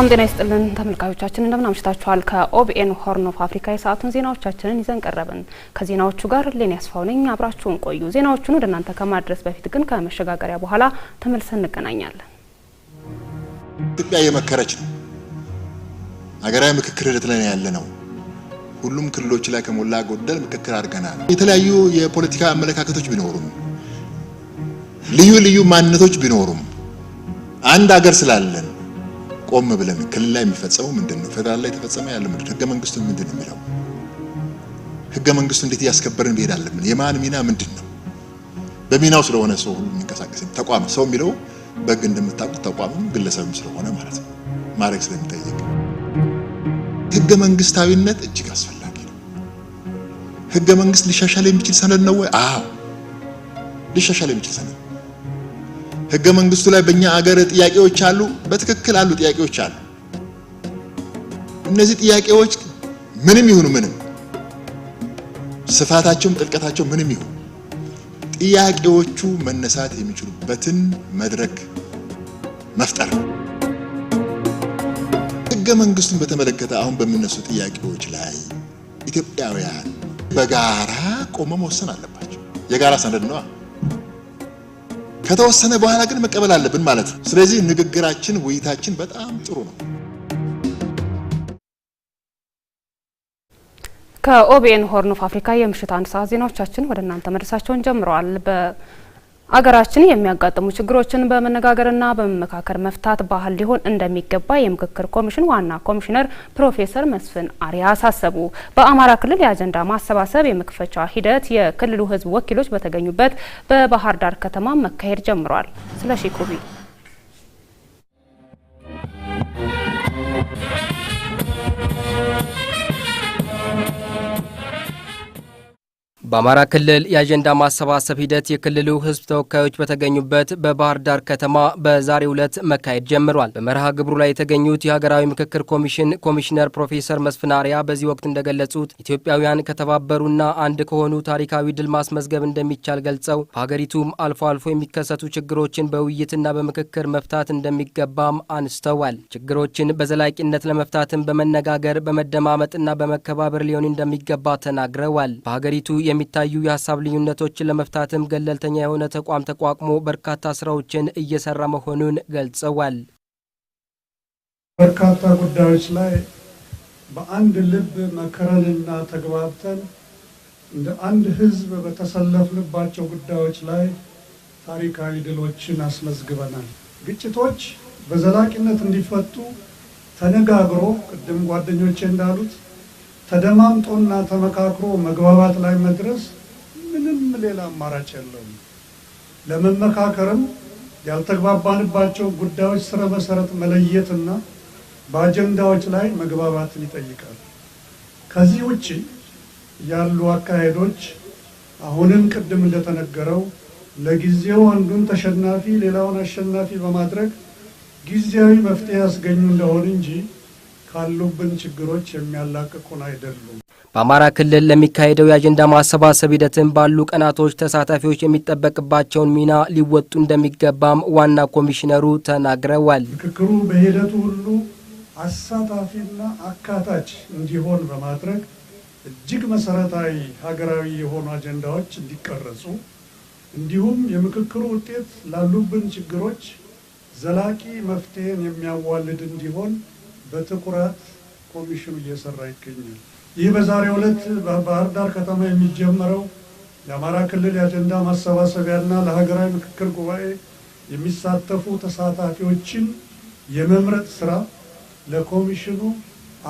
ሰላም ጤና ይስጥልን ተመልካቾቻችን፣ እንደምን አምሽታችኋል። ከኦቢኤን ሆርን ኦፍ አፍሪካ የሰዓቱን ዜናዎቻችንን ይዘን ቀረብን። ከዜናዎቹ ጋር ሌን ያስፋው ነኝ። አብራችሁን ቆዩ። ዜናዎቹን ወደ እናንተ ከማድረስ በፊት ግን ከመሸጋገሪያ በኋላ ተመልሰን እንገናኛለን። ኢትዮጵያ እየመከረች ነው። ሀገራዊ ምክክር ሂደት ላይ ያለ ነው። ሁሉም ክልሎች ላይ ከሞላ ጎደል ምክክር አድርገናል። የተለያዩ የፖለቲካ አመለካከቶች ቢኖሩም ልዩ ልዩ ማንነቶች ቢኖሩም አንድ ሀገር ስላለን ቆም ብለን ክልል ላይ የሚፈጸመው ምንድን ነው? ፌደራል ላይ የተፈጸመ ያለ ምንድን ነው? ህገ መንግስቱ ምንድን ነው የሚለው ህገ መንግስቱ እንዴት እያስከበርን ብሄድ አለብን? የማን ሚና ምንድን ነው? በሚናው ስለሆነ ሰው ሁሉ የሚንቀሳቀስ ተቋም ሰው የሚለው በህግ እንደምታውቁት ተቋምም ግለሰብም ስለሆነ ማለት ነው ማድረግ ስለሚጠይቅ ህገ መንግስታዊነት እጅግ አስፈላጊ ነው። ህገ መንግስት ሊሻሻል የሚችል ሰነድ ነው ወይ? አዎ ሊሻሻል የሚችል ሰነድ ህገ መንግስቱ ላይ በእኛ አገር ጥያቄዎች አሉ፣ በትክክል አሉ፣ ጥያቄዎች አሉ። እነዚህ ጥያቄዎች ምንም ይሁኑ ምንም ስፋታቸውም ጥልቀታቸው ምንም ይሁን ጥያቄዎቹ መነሳት የሚችሉበትን መድረክ መፍጠር ነው። ህገ መንግስቱን በተመለከተ አሁን በሚነሱ ጥያቄዎች ላይ ኢትዮጵያውያን በጋራ ቆመ መወሰን አለባቸው። የጋራ ሰነድ ነዋ። ከተወሰነ በኋላ ግን መቀበል አለብን ማለት ነው። ስለዚህ ንግግራችን፣ ውይይታችን በጣም ጥሩ ነው። ከኦቢኤን ሆርን ኦፍ አፍሪካ የምሽት አንድ ሰዓት ዜናዎቻችን ወደ እናንተ መድረሳቸውን ጀምረዋል። አገራችን የሚያጋጥሙ ችግሮችን በመነጋገርና በመመካከር መፍታት ባህል ሊሆን እንደሚገባ የምክክር ኮሚሽን ዋና ኮሚሽነር ፕሮፌሰር መስፍን አሪያ አሳሰቡ። በአማራ ክልል የአጀንዳ ማሰባሰብ የመክፈቻ ሂደት የክልሉ ሕዝብ ወኪሎች በተገኙበት በባህር ዳር ከተማ መካሄድ ጀምሯል። ስለሺ ኩቢ በአማራ ክልል የአጀንዳ ማሰባሰብ ሂደት የክልሉ ህዝብ ተወካዮች በተገኙበት በባህር ዳር ከተማ በዛሬው ዕለት መካሄድ ጀምሯል። በመርሃ ግብሩ ላይ የተገኙት የሀገራዊ ምክክር ኮሚሽን ኮሚሽነር ፕሮፌሰር መስፍን በዚህ ወቅት እንደገለጹት ኢትዮጵያውያን ከተባበሩና አንድ ከሆኑ ታሪካዊ ድል ማስመዝገብ እንደሚቻል ገልጸው በሀገሪቱም አልፎ አልፎ የሚከሰቱ ችግሮችን በውይይትና በምክክር መፍታት እንደሚገባም አንስተዋል። ችግሮችን በዘላቂነት ለመፍታትም በመነጋገር በመደማመጥና በመከባበር ሊሆን እንደሚገባ ተናግረዋል። በሀገሪቱ የሚታዩ የሀሳብ ልዩነቶችን ለመፍታትም ገለልተኛ የሆነ ተቋም ተቋቁሞ በርካታ ስራዎችን እየሰራ መሆኑን ገልጸዋል። በርካታ ጉዳዮች ላይ በአንድ ልብ መከረንና ተግባብተን እንደ አንድ ህዝብ በተሰለፍንባቸው ጉዳዮች ላይ ታሪካዊ ድሎችን አስመዝግበናል። ግጭቶች በዘላቂነት እንዲፈቱ ተነጋግሮ ቅድም ጓደኞቼ እንዳሉት ተደማምጦና ተመካክሮ መግባባት ላይ መድረስ ምንም ሌላ አማራጭ የለውም። ለመመካከርም ያልተግባባንባቸው ጉዳዮች ስረ መሰረት መለየትና በአጀንዳዎች ላይ መግባባትን ይጠይቃል። ከዚህ ውጭ ያሉ አካሄዶች አሁንም ቅድም እንደተነገረው ለጊዜው አንዱን ተሸናፊ ሌላውን አሸናፊ በማድረግ ጊዜያዊ መፍትሄ ያስገኙ እንደሆነ እንጂ ካሉብን ችግሮች የሚያላቅቁን አይደሉም። በአማራ ክልል ለሚካሄደው የአጀንዳ ማሰባሰብ ሂደትም ባሉ ቀናቶች ተሳታፊዎች የሚጠበቅባቸውን ሚና ሊወጡ እንደሚገባም ዋና ኮሚሽነሩ ተናግረዋል። ምክክሩ በሂደቱ ሁሉ አሳታፊና አካታች እንዲሆን በማድረግ እጅግ መሰረታዊ ሀገራዊ የሆኑ አጀንዳዎች እንዲቀረጹ እንዲሁም የምክክሩ ውጤት ላሉብን ችግሮች ዘላቂ መፍትሄን የሚያዋልድ እንዲሆን በትኩረት ኮሚሽኑ እየሰራ ይገኛል። ይህ በዛሬው ዕለት በባህር ዳር ከተማ የሚጀመረው የአማራ ክልል የአጀንዳ ማሰባሰቢያና ለሀገራዊ ምክክር ጉባኤ የሚሳተፉ ተሳታፊዎችን የመምረጥ ስራ ለኮሚሽኑ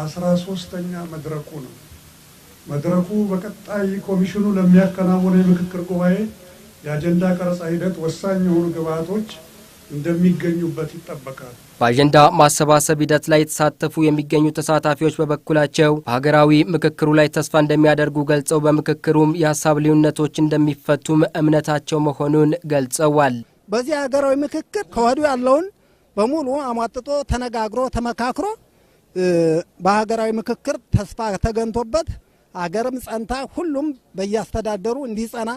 አስራ ሶስተኛ መድረኩ ነው። መድረኩ በቀጣይ ኮሚሽኑ ለሚያከናውነው የምክክር ጉባኤ የአጀንዳ ቀረጻ ሂደት ወሳኝ የሆኑ ግብዓቶች እንደሚገኙበት ይጠበቃል። በአጀንዳ ማሰባሰብ ሂደት ላይ የተሳተፉ የሚገኙ ተሳታፊዎች በበኩላቸው በሀገራዊ ምክክሩ ላይ ተስፋ እንደሚያደርጉ ገልጸው በምክክሩም የሀሳብ ልዩነቶች እንደሚፈቱም እምነታቸው መሆኑን ገልጸዋል። በዚህ ሀገራዊ ምክክር ከወዲሁ ያለውን በሙሉ አሟጥጦ ተነጋግሮ ተመካክሮ በሀገራዊ ምክክር ተስፋ ተገንቶበት አገርም ጸንታ ሁሉም በያስተዳደሩ እንዲጸና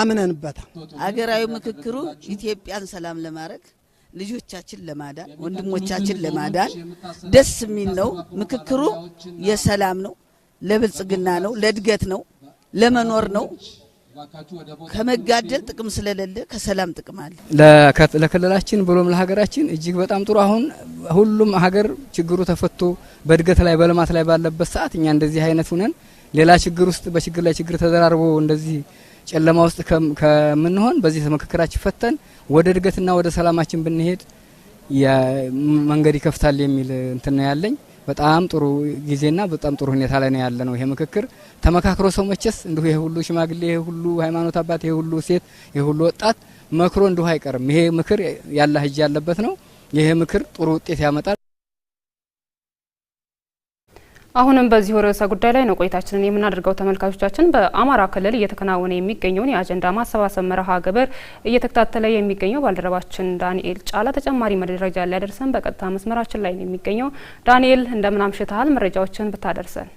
አምነንበታል። አገራዊ ምክክሩ ኢትዮጵያን ሰላም ለማድረግ ልጆቻችን ለማዳን ወንድሞቻችን ለማዳን ደስ የሚል ነው። ምክክሩ የሰላም ነው፣ ለብልጽግና ነው፣ ለእድገት ነው፣ ለመኖር ነው። ከመጋደል ጥቅም ስለሌለ ከሰላም ጥቅም አለ። ለክልላችን ብሎም ለሀገራችን እጅግ በጣም ጥሩ። አሁን ሁሉም ሀገር ችግሩ ተፈቶ በእድገት ላይ በልማት ላይ ባለበት ሰዓት እኛ እንደዚህ አይነት ሁነን ሌላ ችግር ውስጥ በችግር ላይ ችግር ተደራርቦ እንደዚህ ጨለማ ውስጥ ከምንሆን በዚህ ተመክክራችን ፈተን ወደ እድገትና ወደ ሰላማችን ብንሄድ መንገድ ይከፍታል የሚል እንትን ያለኝ በጣም ጥሩ ጊዜና በጣም ጥሩ ሁኔታ ላይ ነው ያለ ነው። ይሄ ምክክር ተመካክሮ ሰው መቼስ እንዲሁ ይሄ ሁሉ ሽማግሌ፣ ይሄ ሁሉ ሃይማኖት አባት፣ ይሄ ሁሉ ሴት፣ ይሄ ሁሉ ወጣት መክሮ እንዲሁ አይቀርም። ይሄ ምክር ያለ ህጅ ያለበት ነው። ይሄ ምክር ጥሩ ውጤት ያመጣል። አሁንም በዚሁ ርዕሰ ጉዳይ ላይ ነው ቆይታችንን የምናደርገው። ተመልካቾቻችን በአማራ ክልል እየተከናወነ የሚገኘውን የአጀንዳ ማሰባሰብ መርሃ ግብር እየተከታተለ የሚገኘው ባልደረባችን ዳንኤል ጫላ ተጨማሪ መረጃ ሊያደርሰን በቀጥታ መስመራችን ላይ ነው የሚገኘው። ዳንኤል እንደምን አምሽተሃል? መረጃዎችን ብታደርሰን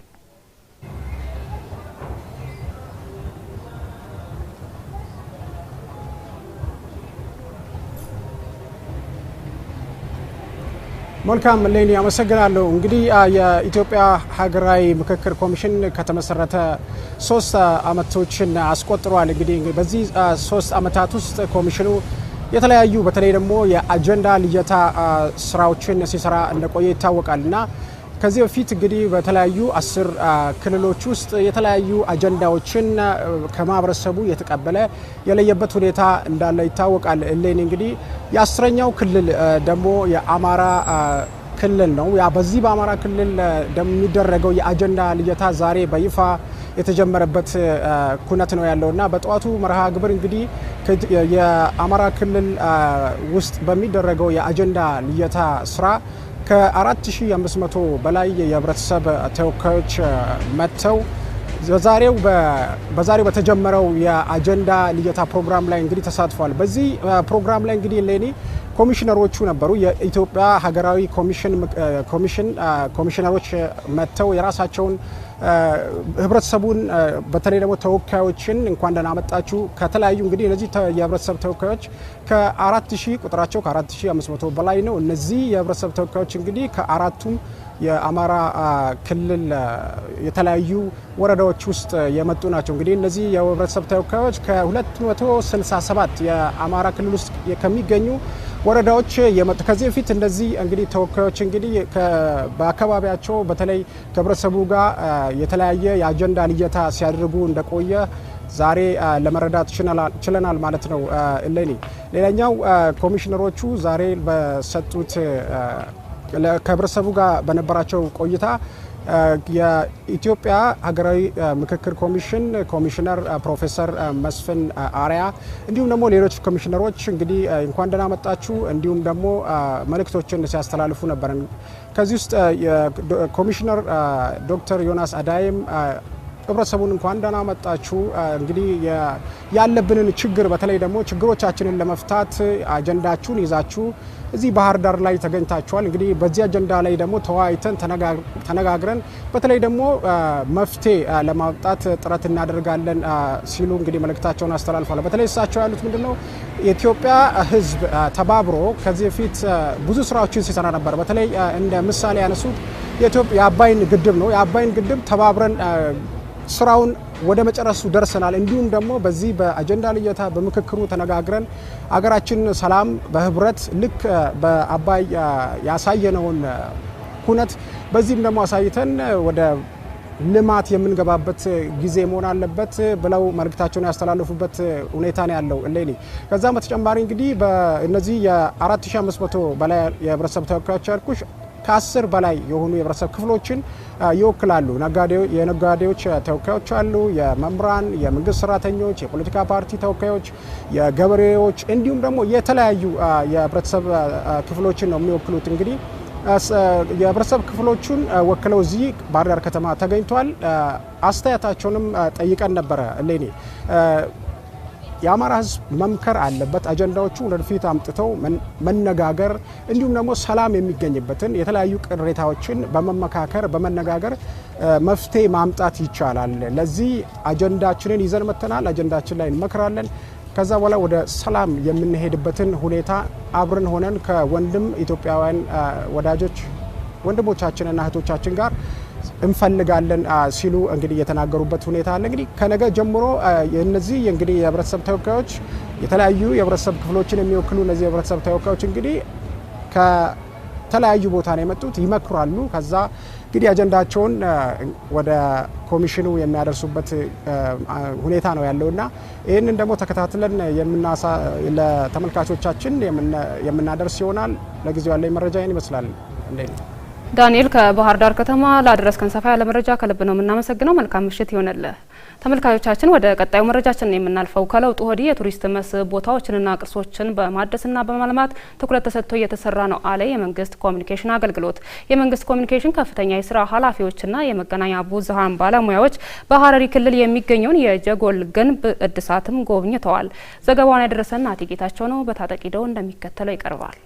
መልካም ሌኒ አመሰግናለሁ። እንግዲህ የኢትዮጵያ ሀገራዊ ምክክር ኮሚሽን ከተመሰረተ ሶስት አመቶችን አስቆጥሯል። እንግዲህ በዚህ ሶስት አመታት ውስጥ ኮሚሽኑ የተለያዩ በተለይ ደግሞ የአጀንዳ ልየታ ስራዎችን ሲሰራ እንደቆየ ይታወቃል እና ከዚህ በፊት እንግዲህ በተለያዩ አስር ክልሎች ውስጥ የተለያዩ አጀንዳዎችን ከማህበረሰቡ የተቀበለ የለየበት ሁኔታ እንዳለ ይታወቃል። እሌን እንግዲህ የአስረኛው ክልል ደግሞ የአማራ ክልል ነው። ያ በዚህ በአማራ ክልል የሚደረገው የአጀንዳ ልየታ ዛሬ በይፋ የተጀመረበት ኩነት ነው ያለው እና በጠዋቱ መርሃ ግብር እንግዲህ የአማራ ክልል ውስጥ በሚደረገው የአጀንዳ ልየታ ስራ ከ4500 በላይ የህብረተሰብ ተወካዮች መጥተው በዛሬው በዛሬው በተጀመረው የአጀንዳ ልየታ ፕሮግራም ላይ እንግዲህ ተሳትፏል። በዚህ ፕሮግራም ላይ እንግዲህ ሌኒ ኮሚሽነሮቹ ነበሩ። የኢትዮጵያ ሀገራዊ ኮሚሽን ኮሚሽነሮች መጥተው የራሳቸውን ህብረተሰቡን በተለይ ደግሞ ተወካዮችን እንኳን ደህና መጣችሁ ከተለያዩ እንግዲህ እነዚህ የህብረተሰብ ተወካዮች ከአራት ሺህ ቁጥራቸው ከአራት ሺህ አምስት መቶ በላይ ነው። እነዚህ የህብረተሰብ ተወካዮች እንግዲህ ከአራቱም የአማራ ክልል የተለያዩ ወረዳዎች ውስጥ የመጡ ናቸው። እንግዲህ እነዚህ የህብረተሰብ ተወካዮች ከ267 የአማራ ክልል ውስጥ ከሚገኙ ወረዳዎች የመጡ ከዚህ በፊት እንደዚህ እንግዲህ ተወካዮች እንግዲህ በአካባቢያቸው በተለይ ከህብረተሰቡ ጋር የተለያየ የአጀንዳ ልየታ ሲያደርጉ እንደቆየ ዛሬ ለመረዳት ችለናል ማለት ነው። እለኔ ሌላኛው ኮሚሽነሮቹ ዛሬ በሰጡት ከህብረተሰቡ ጋር በነበራቸው ቆይታ የኢትዮጵያ ሀገራዊ ምክክር ኮሚሽን ኮሚሽነር ፕሮፌሰር መስፍን አሪያ እንዲሁም ደግሞ ሌሎች ኮሚሽነሮች እንግዲህ እንኳን ደህና መጣችሁ እንዲሁም ደግሞ መልእክቶችን ሲያስተላልፉ ነበርን። ከዚህ ውስጥ ኮሚሽነር ዶክተር ዮናስ አዳይም ህብረተሰቡን እንኳን ደህና መጣችሁ። እንግዲህ ያለብንን ችግር በተለይ ደግሞ ችግሮቻችንን ለመፍታት አጀንዳችሁን ይዛችሁ እዚህ ባህር ዳር ላይ ተገኝታችኋል። እንግዲህ በዚህ አጀንዳ ላይ ደግሞ ተወያይተን ተነጋግረን በተለይ ደግሞ መፍትሄ ለማምጣት ጥረት እናደርጋለን ሲሉ እንግዲህ መልእክታቸውን አስተላልፏል። በተለይ እሳቸው ያሉት ምንድን ነው የኢትዮጵያ ህዝብ ተባብሮ ከዚህ በፊት ብዙ ስራዎችን ሲሰራ ነበር። በተለይ እንደ ምሳሌ ያነሱት የአባይን ግድብ ነው። የአባይን ግድብ ተባብረን ስራውን ወደ መጨረሱ ደርሰናል። እንዲሁም ደግሞ በዚህ በአጀንዳ ልየታ በምክክሩ ተነጋግረን አገራችን ሰላም በህብረት ልክ በአባይ ያሳየነውን ኩነት በዚህም ደግሞ አሳይተን ወደ ልማት የምንገባበት ጊዜ መሆን አለበት ብለው መልእክታቸውን ያስተላለፉበት ሁኔታ ነው ያለው። እሌኒ ከዛም በተጨማሪ እንግዲህ በእነዚህ የ4500 በላይ የህብረተሰብ ተወካዮች ያልኩሽ ከአስር በላይ የሆኑ የህብረተሰብ ክፍሎችን ይወክላሉ። የነጋዴዎች ተወካዮች አሉ፣ የመምህራን፣ የመንግስት ሰራተኞች፣ የፖለቲካ ፓርቲ ተወካዮች፣ የገበሬዎች እንዲሁም ደግሞ የተለያዩ የህብረተሰብ ክፍሎችን ነው የሚወክሉት እንግዲህ የህብረተሰብ ክፍሎቹን ወክለው እዚህ ባህር ዳር ከተማ ተገኝቷል። አስተያየታቸውንም ጠይቀን ነበረ ሌኔ የአማራ ህዝብ መምከር አለበት። አጀንዳዎቹ ወደፊት አምጥተው መነጋገር እንዲሁም ደግሞ ሰላም የሚገኝበትን የተለያዩ ቅሬታዎችን በመመካከር በመነጋገር መፍትሄ ማምጣት ይቻላል። ለዚህ አጀንዳችንን ይዘን መተናል። አጀንዳችን ላይ እንመክራለን። ከዛ በኋላ ወደ ሰላም የምንሄድበትን ሁኔታ አብረን ሆነን ከወንድም ኢትዮጵያውያን ወዳጆች ወንድሞቻችንና እህቶቻችን ጋር እንፈልጋለን ሲሉ እንግዲህ የተናገሩበት ሁኔታ አለ። እንግዲህ ከነገ ጀምሮ እነዚህ እንግዲህ የህብረተሰብ ተወካዮች የተለያዩ የህብረተሰብ ክፍሎችን የሚወክሉ እነዚህ የህብረተሰብ ተወካዮች እንግዲህ ከተለያዩ ቦታ ነው የመጡት፣ ይመክራሉ። ከዛ እንግዲህ አጀንዳቸውን ወደ ኮሚሽኑ የሚያደርሱበት ሁኔታ ነው ያለውና ይህንን ደግሞ ተከታትለን ለተመልካቾቻችን የምናደርስ ይሆናል። ለጊዜው ያለኝ መረጃ ይህን ይመስላል። ዳንኤል ከባህር ዳር ከተማ ላደረስከን ሰፋ ያለ መረጃ ከልብ ነው የምናመሰግነው። መልካም ምሽት ይሆንልህ። ተመልካቾቻችን ወደ ቀጣዩ መረጃችን የምናልፈው ከለውጡ ወዲህ የቱሪስት መስህብ ቦታዎችንና ቅርሶችን በማደስና በማልማት ትኩረት ተሰጥቶ እየተሰራ ነው አለ የመንግስት ኮሚኒኬሽን አገልግሎት። የመንግስት ኮሚኒኬሽን ከፍተኛ የስራ ኃላፊዎችና የመገናኛ ብዙኃን ባለሙያዎች በሀረሪ ክልል የሚገኘውን የጀጎል ግንብ እድሳትም ጎብኝተዋል። ዘገባውን ያደረሰን አቶ ጌታቸው ነው። በታጠቂደው እንደሚከተለው ይቀርባል።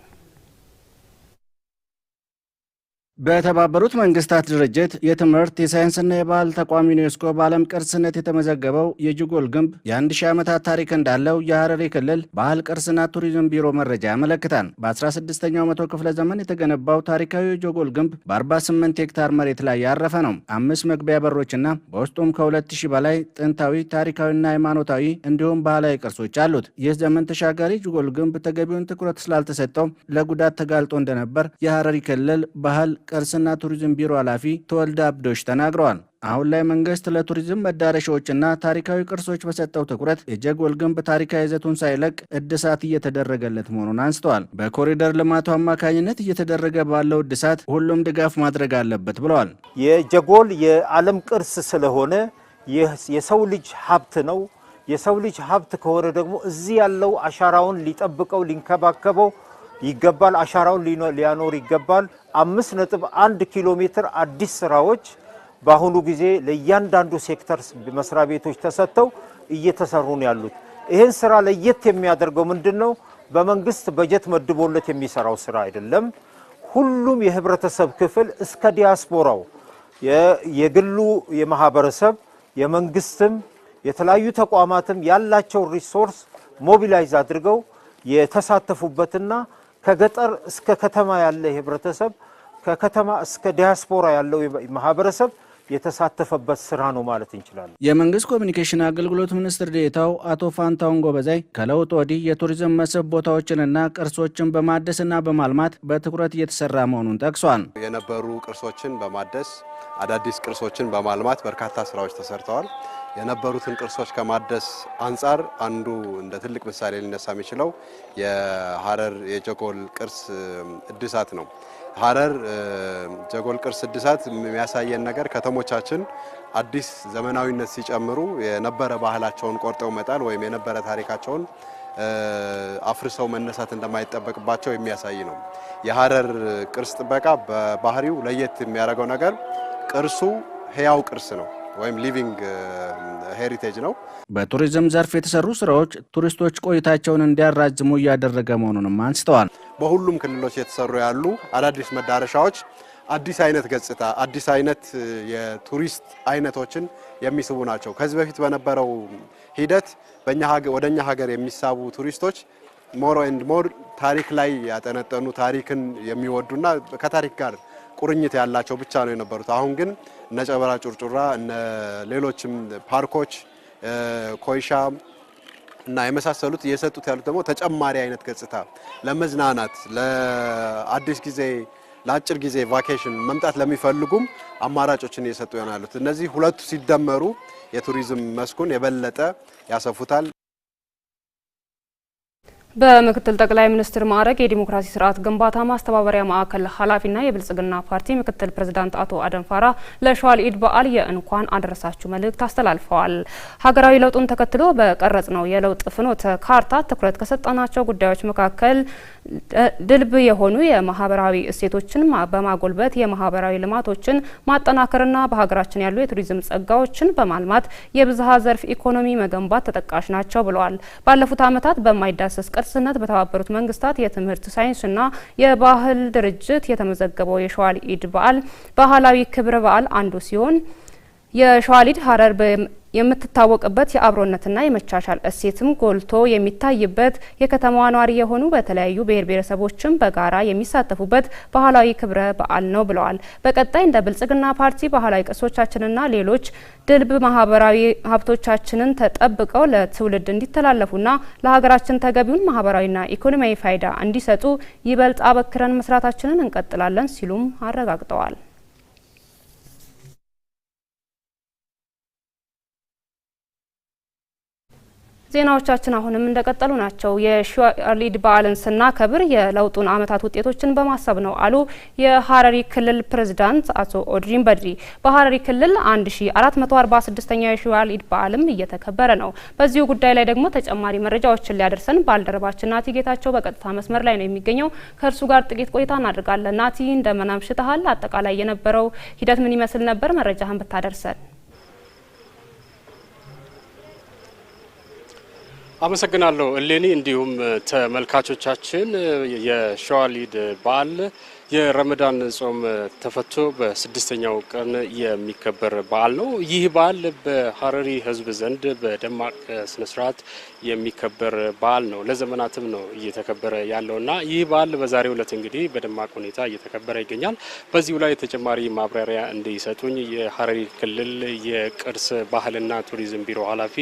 በተባበሩት መንግስታት ድርጅት የትምህርት የሳይንስና የባህል ተቋም ዩኔስኮ በዓለም ቅርስነት የተመዘገበው የጅጎል ግንብ የአንድ ሺህ ዓመታት ታሪክ እንዳለው የሐረሪ ክልል ባህል ቅርስና ቱሪዝም ቢሮ መረጃ ያመለክታል። በ16ኛው መቶ ክፍለ ዘመን የተገነባው ታሪካዊ የጆጎል ግንብ በ48 ሄክታር መሬት ላይ ያረፈ ነው። አምስት መግቢያ በሮችና በውስጡም ከ2000 በላይ ጥንታዊ ታሪካዊና ሃይማኖታዊ እንዲሁም ባህላዊ ቅርሶች አሉት። ይህ ዘመን ተሻጋሪ ጅጎል ግንብ ተገቢውን ትኩረት ስላልተሰጠው ለጉዳት ተጋልጦ እንደነበር የሐረሪ ክልል ባህል ቅርስና ቱሪዝም ቢሮ ኃላፊ ተወልደ አብዶሽ ተናግረዋል። አሁን ላይ መንግስት ለቱሪዝም መዳረሻዎችና ታሪካዊ ቅርሶች በሰጠው ትኩረት የጀጎል ግንብ ታሪካዊ ይዘቱን ሳይለቅ እድሳት እየተደረገለት መሆኑን አንስተዋል። በኮሪደር ልማቱ አማካኝነት እየተደረገ ባለው እድሳት ሁሉም ድጋፍ ማድረግ አለበት ብለዋል። የጀጎል የዓለም ቅርስ ስለሆነ የሰው ልጅ ሀብት ነው። የሰው ልጅ ሀብት ከሆነ ደግሞ እዚህ ያለው አሻራውን ሊጠብቀው ሊንከባከበው ይገባል፣ አሻራውን ሊያኖር ይገባል። አምስት ነጥብ አንድ ኪሎ ሜትር አዲስ ስራዎች በአሁኑ ጊዜ ለእያንዳንዱ ሴክተር መስሪያ ቤቶች ተሰጥተው እየተሰሩ ነው ያሉት። ይህን ስራ ለየት የሚያደርገው ምንድን ነው? በመንግስት በጀት መድቦለት የሚሰራው ስራ አይደለም። ሁሉም የህብረተሰብ ክፍል እስከ ዲያስፖራው የግሉ የማህበረሰብ የመንግስትም የተለያዩ ተቋማትም ያላቸው ሪሶርስ ሞቢላይዝ አድርገው የተሳተፉበትና ከገጠር እስከ ከተማ ያለ ህብረተሰብ፣ ከከተማ እስከ ዲያስፖራ ያለው ማህበረሰብ የተሳተፈበት ስራ ነው ማለት እንችላለን። የመንግስት ኮሚኒኬሽን አገልግሎት ሚኒስትር ዴታው አቶ ፋንታውን ጎበዛይ ከለውጥ ወዲህ የቱሪዝም መስህብ ቦታዎችንና ቅርሶችን በማደስና በማልማት በትኩረት እየተሰራ መሆኑን ጠቅሷል። የነበሩ ቅርሶችን በማደስ አዳዲስ ቅርሶችን በማልማት በርካታ ስራዎች ተሰርተዋል። የነበሩትን ቅርሶች ከማደስ አንጻር አንዱ እንደ ትልቅ ምሳሌ ሊነሳ የሚችለው የሀረር የጀጎል ቅርስ እድሳት ነው። ሀረር ጀጎል ቅርስ እድሳት የሚያሳየን ነገር ከተሞቻችን አዲስ ዘመናዊነት ሲጨምሩ የነበረ ባህላቸውን ቆርጠው መጣል ወይም የነበረ ታሪካቸውን አፍርሰው መነሳት እንደማይጠበቅባቸው የሚያሳይ ነው። የሀረር ቅርስ ጥበቃ በባህሪው ለየት የሚያደርገው ነገር ቅርሱ ህያው ቅርስ ነው። ወይም ሊቪንግ ሄሪቴጅ ነው። በቱሪዝም ዘርፍ የተሰሩ ስራዎች ቱሪስቶች ቆይታቸውን እንዲያራዝሙ እያደረገ መሆኑንም አንስተዋል። በሁሉም ክልሎች የተሰሩ ያሉ አዳዲስ መዳረሻዎች አዲስ አይነት ገጽታ፣ አዲስ አይነት የቱሪስት አይነቶችን የሚስቡ ናቸው። ከዚህ በፊት በነበረው ሂደት ወደ እኛ ወደኛ ሀገር የሚሳቡ ቱሪስቶች ሞር ኤንድ ሞር ታሪክ ላይ ያጠነጠኑ ታሪክን የሚወዱና ከታሪክ ጋር ቁርኝት ያላቸው ብቻ ነው የነበሩት። አሁን ግን እነ ጨበራ ጩርጩራ፣ እነ ሌሎችም ፓርኮች ኮይሻ እና የመሳሰሉት እየሰጡት ያሉት ደግሞ ተጨማሪ አይነት ገጽታ ለመዝናናት ለአዲስ ጊዜ ለአጭር ጊዜ ቫኬሽን መምጣት ለሚፈልጉም አማራጮችን እየሰጡ ይሆናሉት። እነዚህ ሁለቱ ሲደመሩ የቱሪዝም መስኩን የበለጠ ያሰፉታል። በምክትል ጠቅላይ ሚኒስትር ማዕረግ የዲሞክራሲ ስርዓት ግንባታ ማስተባበሪያ ማዕከል ኃላፊና የብልጽግና ፓርቲ ምክትል ፕሬዝዳንት አቶ ፋራ ለሸዋል ኢድ በዓል የእንኳን አደረሳችሁ መልእክት አስተላልፈዋል። ሀገራዊ ለውጡን ተከትሎ በቀረጽ ነው የለውጥ ፍኖተ ካርታ ትኩረት ከሰጠናቸው ጉዳዮች መካከል ድልብ የሆኑ የማህበራዊ እሴቶችን በማጎልበት የማህበራዊ ልማቶችን ማጠናከርና በሀገራችን ያሉ የቱሪዝም ጸጋዎችን በማልማት የብዝሃ ዘርፍ ኢኮኖሚ መገንባት ተጠቃሽ ናቸው ብለዋል። ባለፉት ዓመታት በማይዳሰስ ቅርስነት በተባበሩት መንግስታት የትምህርት ሳይንስና የባህል ድርጅት የተመዘገበው የሸዋል ኢድ በዓል ባህላዊ ክብረ በዓል አንዱ ሲሆን የሸዋሊድ ሀረር የምትታወቅበት የአብሮነትና የመቻቻል እሴትም ጎልቶ የሚታይበት የከተማዋ ነዋሪ የሆኑ በተለያዩ ብሔር ብሔረሰቦችም በጋራ የሚሳተፉበት ባህላዊ ክብረ በዓል ነው ብለዋል። በቀጣይ እንደ ብልጽግና ፓርቲ ባህላዊ ቅርሶቻችንና ሌሎች ድልብ ማህበራዊ ሀብቶቻችንን ተጠብቀው ለትውልድ እንዲተላለፉና ለሀገራችን ተገቢውን ማህበራዊና ኢኮኖሚያዊ ፋይዳ እንዲሰጡ ይበልጥ አበክረን መስራታችንን እንቀጥላለን ሲሉም አረጋግጠዋል። ዜናዎቻችን አሁንም እንደቀጠሉ ናቸው። የሺዓ በዓልን ስናከብር የለውጡን ዓመታት ውጤቶችን በማሰብ ነው አሉ የሀረሪ ክልል ፕሬዝዳንት አቶ ኦድሪን በድሪ። በሀረሪ ክልል 1446 ኛ የሺዓ ኢድ በዓልም እየተከበረ ነው። በዚሁ ጉዳይ ላይ ደግሞ ተጨማሪ መረጃዎችን ሊያደርሰን ባልደረባችን ናቲ ጌታቸው በቀጥታ መስመር ላይ ነው የሚገኘው። ከእርሱ ጋር ጥቂት ቆይታ እናድርጋለን። ናቲ እንደምናምሽተሃል። አጠቃላይ የነበረው ሂደት ምን ይመስል ነበር? መረጃህን ብታደርሰን አመሰግናለሁ እሌኒ። እንዲሁም ተመልካቾቻችን የሸዋሊድ በዓል የረመዳን ጾም ተፈቶ በስድስተኛው ቀን የሚከበር በዓል ነው። ይህ በዓል በሀረሪ ሕዝብ ዘንድ በደማቅ ስነስርዓት የሚከበር በዓል ነው። ለዘመናትም ነው እየተከበረ ያለው እና ይህ በዓል በዛሬው ዕለት እንግዲህ በደማቅ ሁኔታ እየተከበረ ይገኛል። በዚሁ ላይ ተጨማሪ ማብራሪያ እንዲሰጡኝ የሀረሪ ክልል የቅርስ ባህልና ቱሪዝም ቢሮ ኃላፊ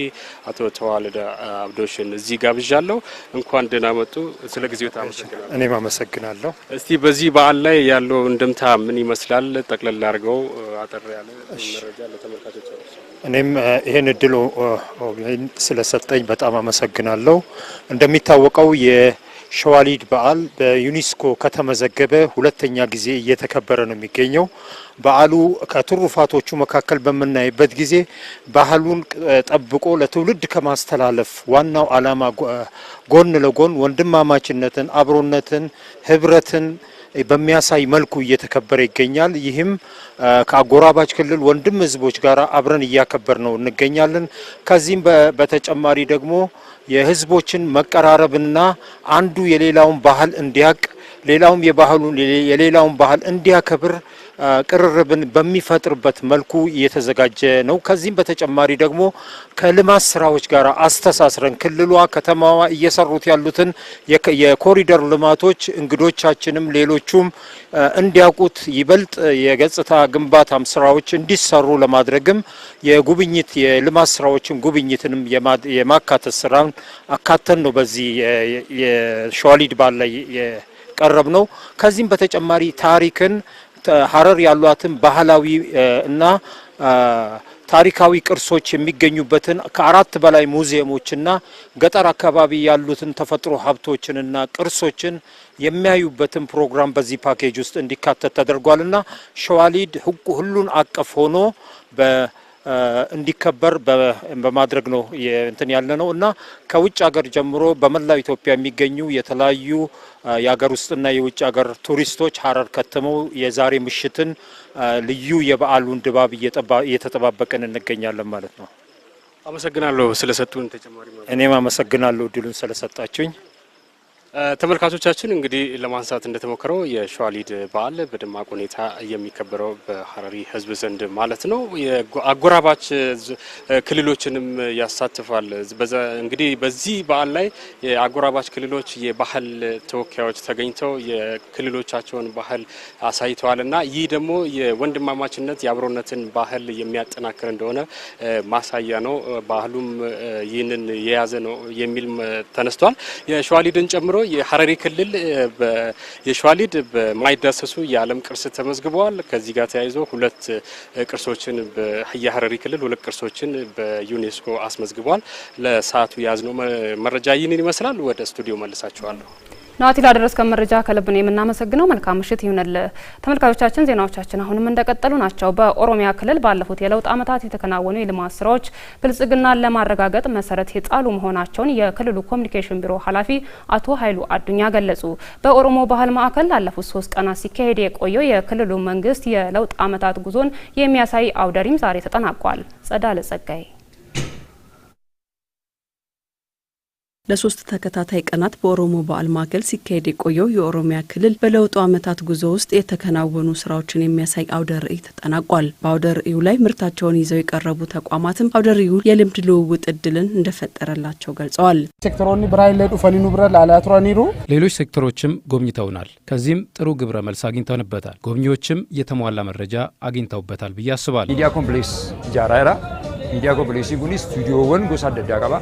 አቶ ተዋልደ አብዶሽን እዚህ ጋብዣለሁ። እንኳን ደህና መጡ። ስለ ጊዜው ታመሰግናለሁ። እኔም አመሰግናለሁ። እስቲ በዚህ በዓል በዓል ላይ ያለው እንድምታ ምን ይመስላል? ጠቅለል አድርገው አጠር ያለ መረጃ ለተመልካቾች። እኔም ይህን እድል ስለሰጠኝ በጣም አመሰግናለሁ። እንደሚታወቀው የሸዋሊድ በዓል በዩኒስኮ ከተመዘገበ ሁለተኛ ጊዜ እየተከበረ ነው የሚገኘው። በዓሉ ከትሩፋቶቹ መካከል በምናይበት ጊዜ ባህሉን ጠብቆ ለትውልድ ከማስተላለፍ ዋናው ዓላማ ጎን ለጎን ወንድማማችነትን፣ አብሮነትን፣ ህብረትን በሚያሳይ መልኩ እየተከበረ ይገኛል። ይህም ከአጎራባች ክልል ወንድም ህዝቦች ጋር አብረን እያከበር ነው እንገኛለን። ከዚህም በተጨማሪ ደግሞ የህዝቦችን መቀራረብና አንዱ የሌላውን ባህል እንዲያቅ ሌላውም የባህሉን የሌላውን ባህል እንዲያከብር ቅርርብን በሚፈጥርበት መልኩ እየተዘጋጀ ነው። ከዚህም በተጨማሪ ደግሞ ከልማት ስራዎች ጋር አስተሳስረን ክልሏ፣ ከተማዋ እየሰሩት ያሉትን የኮሪደር ልማቶች እንግዶቻችንም ሌሎቹም እንዲያውቁት ይበልጥ የገጽታ ግንባታም ስራዎች እንዲሰሩ ለማድረግም የጉብኝት የልማት ስራዎችን ጉብኝትንም የማካተት ስራን አካተን ነው በዚህ የሸዋሊድ ባለ የቀረብ ነው። ከዚህም በተጨማሪ ታሪክን ሀረር ያሏትን ባህላዊ እና ታሪካዊ ቅርሶች የሚገኙበትን ከአራት በላይ ሙዚየሞችና ገጠር አካባቢ ያሉትን ተፈጥሮ ሀብቶችንና ቅርሶችን የሚያዩበትን ፕሮግራም በዚህ ፓኬጅ ውስጥ እንዲካተት ተደርጓልና ሸዋሊድ ሁሉን አቀፍ ሆኖ እንዲከበር በማድረግ ነው እንትን ያለ ነው እና ከውጭ ሀገር ጀምሮ በመላው ኢትዮጵያ የሚገኙ የተለያዩ የሀገር ውስጥና የውጭ ሀገር ቱሪስቶች ሀረር ከትመው የዛሬ ምሽትን ልዩ የበዓሉን ድባብ እየተጠባበቅን እንገኛለን ማለት ነው። አመሰግናለሁ ስለሰጡን ተጨማሪ። እኔም አመሰግናለሁ እድሉን ስለሰጣችሁኝ። ተመልካቾቻችን እንግዲህ ለማንሳት እንደተሞከረው የሸዋሊድ በዓል በደማቅ ሁኔታ የሚከበረው በሀረሪ ሕዝብ ዘንድ ማለት ነው። አጎራባች ክልሎችንም ያሳትፋል። እንግዲህ በዚህ በዓል ላይ የአጎራባች ክልሎች የባህል ተወካዮች ተገኝተው የክልሎቻቸውን ባህል አሳይተዋል እና ይህ ደግሞ የወንድማማችነት የአብሮነትን ባህል የሚያጠናክር እንደሆነ ማሳያ ነው። ባህሉም ይህንን የያዘ ነው የሚል ተነስቷል። የሸዋሊድን ጨምሮ የሀረሪ ክልል የሸዋሊድ በማይዳሰሱ የዓለም ቅርስ ተመዝግበዋል። ከዚህ ጋር ተያይዞ ሁለት ቅርሶችን የሀረሪ ክልል ሁለት ቅርሶችን በዩኔስኮ አስመዝግበዋል። ለሰዓቱ የያዝነው መረጃ ይህንን ይመስላል። ወደ ስቱዲዮ መልሳችኋለሁ። ናቲ ላደረስከን መረጃ ከልብ ነው የምናመሰግነው። መልካም ምሽት ይሁንል። ተመልካቾቻችን ዜናዎቻችን አሁንም እንደቀጠሉ ናቸው። በኦሮሚያ ክልል ባለፉት የለውጥ ዓመታት የተከናወኑ የልማት ስራዎች ብልጽግናን ለማረጋገጥ መሰረት የጣሉ መሆናቸውን የክልሉ ኮሚኒኬሽን ቢሮ ኃላፊ አቶ ኃይሉ አዱኛ ገለጹ። በኦሮሞ ባህል ማዕከል ላለፉት ሶስት ቀናት ሲካሄድ የቆየው የክልሉ መንግስት የለውጥ ዓመታት ጉዞን የሚያሳይ አውደሪም ዛሬ ተጠናቋል። ጸዳለ ጸጋይ ለሶስት ተከታታይ ቀናት በኦሮሞ በዓል ማዕከል ሲካሄድ የቆየው የኦሮሚያ ክልል በለውጡ ዓመታት ጉዞ ውስጥ የተከናወኑ ስራዎችን የሚያሳይ አውደ ርዕይ ተጠናቋል። በአውደ ርዕዩ ላይ ምርታቸውን ይዘው የቀረቡ ተቋማትም አውደ ርዕዩ የልምድ ልውውጥ እድልን እንደፈጠረላቸው ገልጸዋል። ሴክተሮኒ ብራይ ለዱ ፈኒኑ ብረ ላላቱራኒሩ ሌሎች ሴክተሮችም ጎብኝተውናል። ከዚህም ጥሩ ግብረ መልስ አግኝተንበታል። ጎብኚዎችም የተሟላ መረጃ አግኝተውበታል ብዬ አስባለሁ። ሚዲያ ኮምፕሌክስ ጃራራ ሚዲያ ኮምፕሌክስ ጉኒ ስቱዲዮውን ጎሳ ደዳ ቀባ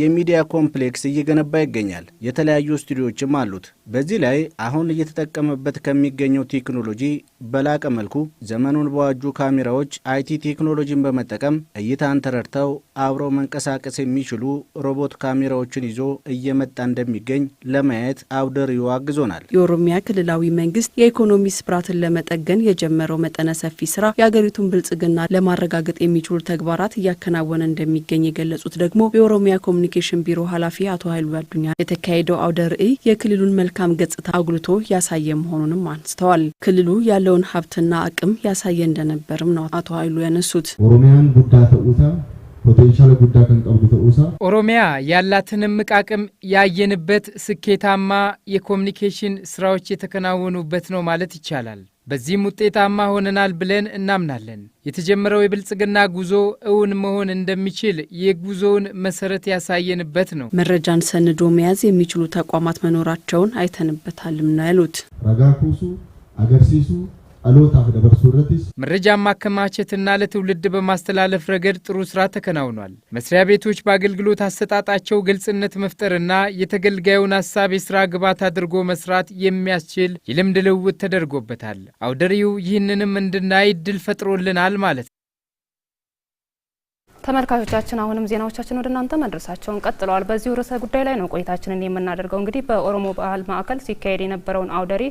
የሚዲያ ኮምፕሌክስ እየገነባ ይገኛል። የተለያዩ ስቱዲዮዎችም አሉት። በዚህ ላይ አሁን እየተጠቀመበት ከሚገኘው ቴክኖሎጂ በላቀ መልኩ ዘመኑን በዋጁ ካሜራዎች አይቲ ቴክኖሎጂን በመጠቀም እይታን ተረድተው አብረው መንቀሳቀስ የሚችሉ ሮቦት ካሜራዎችን ይዞ እየመጣ እንደሚገኝ ለማየት አውደ አግዞናል። የኦሮሚያ ክልላዊ መንግስት የኢኮኖሚ ስብራትን ለመጠገን የጀመረው መጠነ ሰፊ ስራ የአገሪቱን ብልጽግና ለማረጋገጥ የሚችሉ ተግባራት እያከናወነ እንደሚገኝ የገለጹት ደግሞ የኦሮሚያ ኮሚኒኬሽን ቢሮ ኃላፊ አቶ ኃይሉ አዱኛ የተካሄደው አውደር ርዕይ የክልሉን መልካም ገጽታ አጉልቶ ያሳየ መሆኑንም አንስተዋል። ክልሉ ያለውን ሀብትና አቅም ያሳየ እንደነበርም ነው አቶ ኃይሉ ያነሱት። ኦሮሚያን ጉዳ ተውታ ኦሮሚያ ያላትንም አቅም ያየንበት ስኬታማ የኮሚኒኬሽን ስራዎች የተከናወኑበት ነው ማለት ይቻላል። በዚህም ውጤታማ ሆነናል ብለን እናምናለን። የተጀመረው የብልጽግና ጉዞ እውን መሆን እንደሚችል የጉዞውን መሰረት ያሳየንበት ነው። መረጃን ሰንዶ መያዝ የሚችሉ ተቋማት መኖራቸውን አይተንበታልም ነው ያሉት። ረጋ ኩሱ አገርሲሱ መረጃ ማከማቸትና ለትውልድ በማስተላለፍ ረገድ ጥሩ ስራ ተከናውኗል። መስሪያ ቤቶች በአገልግሎት አሰጣጣቸው ግልጽነት መፍጠርና የተገልጋዩን ሀሳብ የስራ ግብዓት አድርጎ መስራት የሚያስችል የልምድ ልውውጥ ተደርጎበታል። አውደሪው ይህንንም እንድናይ እድል ፈጥሮልናል ማለት ነው። ተመልካቾቻችን አሁንም ዜናዎቻችን ወደ እናንተ መድረሳቸውን ቀጥለዋል። በዚሁ ርዕሰ ጉዳይ ላይ ነው ቆይታችንን የምናደርገው። እንግዲህ በኦሮሞ ባህል ማዕከል ሲካሄድ የነበረውን አውደሪ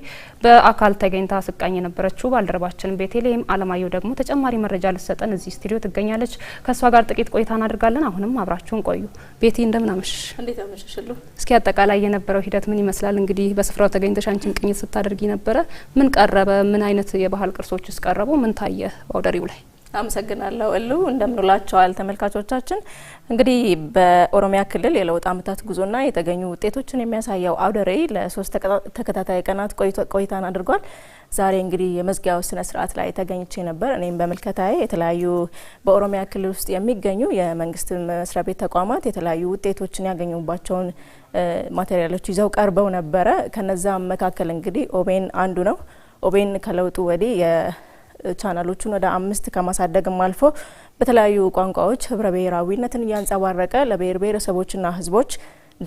በአካል ተገኝታ ስቃኝ የነበረችው ባልደረባችን ቤቴሌም አለማየሁ ደግሞ ተጨማሪ መረጃ ልሰጠን እዚህ ስቱዲዮ ትገኛለች። ከእሷ ጋር ጥቂት ቆይታ እናደርጋለን። አሁንም አብራችሁን ቆዩ። ቤቲ እንደምን አመሽ? እንዴት አመሸሽሉ? እስኪ አጠቃላይ የነበረው ሂደት ምን ይመስላል? እንግዲህ በስፍራው ተገኝተሽ አንቺም ቅኝት ስታደርጊ ነበረ። ምን ቀረበ? ምን አይነት የባህል ቅርሶች ውስጥ ቀረቡ? ምን ታየ አውደሪው ላይ? አመሰግናለሁ እሉ እንደምንላቸዋል ተመልካቾቻችን። እንግዲህ በኦሮሚያ ክልል የለውጥ አመታት ጉዞና የተገኙ ውጤቶችን የሚያሳየው አውደ ርዕይ ለሶስት ተከታታይ ቀናት ቆይታን አድርጓል። ዛሬ እንግዲህ የመዝጊያው ስነ ስርዓት ላይ ተገኝቼ ነበር። እኔም በምልከታዬ የተለያዩ በኦሮሚያ ክልል ውስጥ የሚገኙ የመንግስት መስሪያ ቤት ተቋማት የተለያዩ ውጤቶችን ያገኙባቸውን ማቴሪያሎች ይዘው ቀርበው ነበረ። ከነዛ መካከል እንግዲህ ኦቤን አንዱ ነው። ኦቤን ከለውጡ ወዲህ ቻናሎቹን ወደ አምስት ከማሳደግም አልፎ በተለያዩ ቋንቋዎች ህብረ ብሔራዊነትን እያንጸባረቀ ለብሔር ብሔረሰቦችና ህዝቦች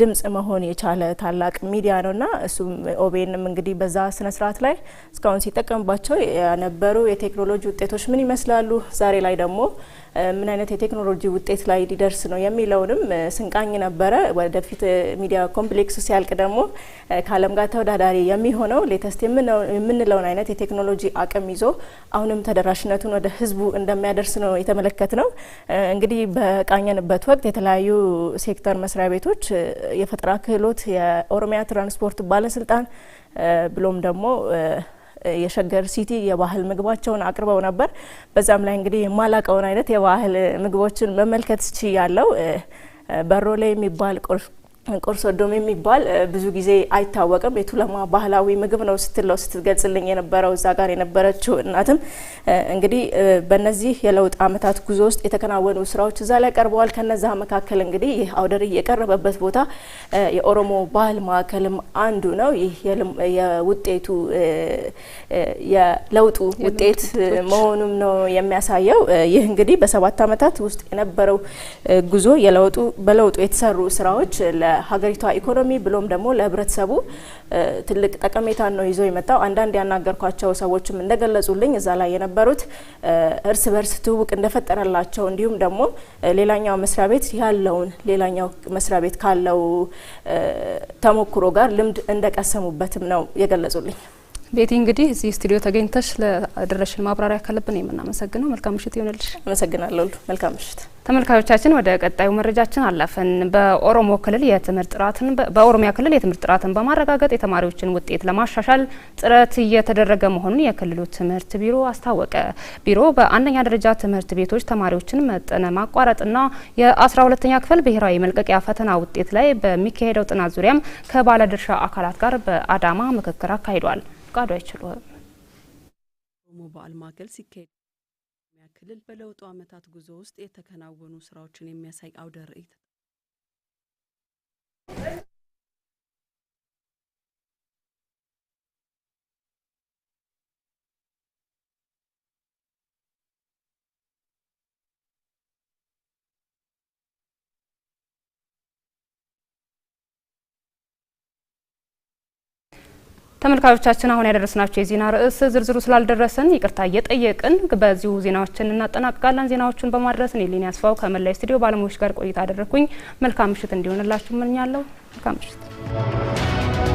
ድምጽ መሆን የቻለ ታላቅ ሚዲያ ነውና እሱም ኦቤንም እንግዲህ በዛ ስነ ስርዓት ላይ እስካሁን ሲጠቀምባቸው የነበሩ የቴክኖሎጂ ውጤቶች ምን ይመስላሉ፣ ዛሬ ላይ ደግሞ ምን አይነት የቴክኖሎጂ ውጤት ላይ ሊደርስ ነው የሚለውንም ስንቃኝ ነበረ። ወደፊት ሚዲያ ኮምፕሌክሱ ሲያልቅ ደግሞ ከዓለም ጋር ተወዳዳሪ የሚሆነው ሌተስት የምንለውን አይነት የቴክኖሎጂ አቅም ይዞ አሁንም ተደራሽነቱን ወደ ህዝቡ እንደሚያደርስ ነው የተመለከት ነው። እንግዲህ በቃኘንበት ወቅት የተለያዩ ሴክተር መስሪያ ቤቶች የፈጠራ ክህሎት፣ የኦሮሚያ ትራንስፖርት ባለስልጣን ብሎም ደግሞ የሸገር ሲቲ የባህል ምግባቸውን አቅርበው ነበር። በዛም ላይ እንግዲህ የማላቀውን አይነት የባህል ምግቦችን መመልከት ችያለው። ላይ የሚባል ቁርስ ቆርሶ ዶም የሚባል ብዙ ጊዜ አይታወቅም። የቱለማ ባህላዊ ምግብ ነው ስትለው ስትገልጽልኝ የነበረው እዛ ጋር የነበረችው እናትም እንግዲህ በእነዚህ የለውጥ ዓመታት ጉዞ ውስጥ የተከናወኑ ስራዎች እዛ ላይ ቀርበዋል። ከነዛ መካከል እንግዲህ ይህ አውደሪ የቀረበበት ቦታ የኦሮሞ ባህል ማዕከልም አንዱ ነው። ይህ የውጤቱ የለውጡ ውጤት መሆኑም ነው የሚያሳየው። ይህ እንግዲህ በሰባት ዓመታት ውስጥ የነበረው ጉዞ የለውጡ በለውጡ የተሰሩ ስራዎች ለሀገሪቷ ኢኮኖሚ ብሎም ደግሞ ለህብረተሰቡ ትልቅ ጠቀሜታ ነው ይዞ የመጣው። አንዳንድ ያናገርኳቸው ሰዎችም እንደገለጹልኝ እዛ ላይ የነበሩት እርስ በርስ ትውውቅ እንደፈጠረላቸው እንዲሁም ደግሞ ሌላኛው መስሪያ ቤት ያለውን ሌላኛው መስሪያ ቤት ካለው ተሞክሮ ጋር ልምድ እንደቀሰሙበትም ነው የገለጹልኝ። ቤቲ እንግዲህ እዚህ ስቱዲዮ ተገኝተሽ ለደረሽን ማብራሪያ ከልብን የምናመሰግነው። መልካም ምሽት ይሆንልሽ። አመሰግናለሁ። መልካም ምሽት ተመልካቾቻችን። ወደ ቀጣዩ መረጃችን አለፍን። በኦሮሞ ክልል የትምህርት ጥራትን በኦሮሚያ ክልል የትምህርት ጥራትን በማረጋገጥ የተማሪዎችን ውጤት ለማሻሻል ጥረት እየተደረገ መሆኑን የክልሉ ትምህርት ቢሮ አስታወቀ። ቢሮ በአንደኛ ደረጃ ትምህርት ቤቶች ተማሪዎችን መጠነ ማቋረጥና የአስራ ሁለተኛ ክፍል ብሔራዊ መልቀቂያ ፈተና ውጤት ላይ በሚካሄደው ጥናት ዙሪያም ከባለድርሻ አካላት ጋር በአዳማ ምክክር አካሂዷል። ፍቃዱ አይችሉም። ኦሮሞ በዓል ማዕከል ሲካሄድ ክልል በለውጡ ዓመታት ጉዞ ውስጥ የተከናወኑ ስራዎችን የሚያሳይ አውደ ርዕይ ተመልካቾቻችን አሁን ያደረስናቸው የዜና ርዕስ ዝርዝሩ ስላልደረሰን ይቅርታ እየጠየቅን በዚሁ ዜናዎችን እናጠናቅቃለን። ዜናዎቹን በማድረስ እኔ ሊኒ አስፋው ከመላይ ስቱዲዮ ባለሙያዎች ጋር ቆይታ አደረግኩኝ። መልካም ምሽት እንዲሆንላችሁ እመኛለሁ። መልካም ምሽት።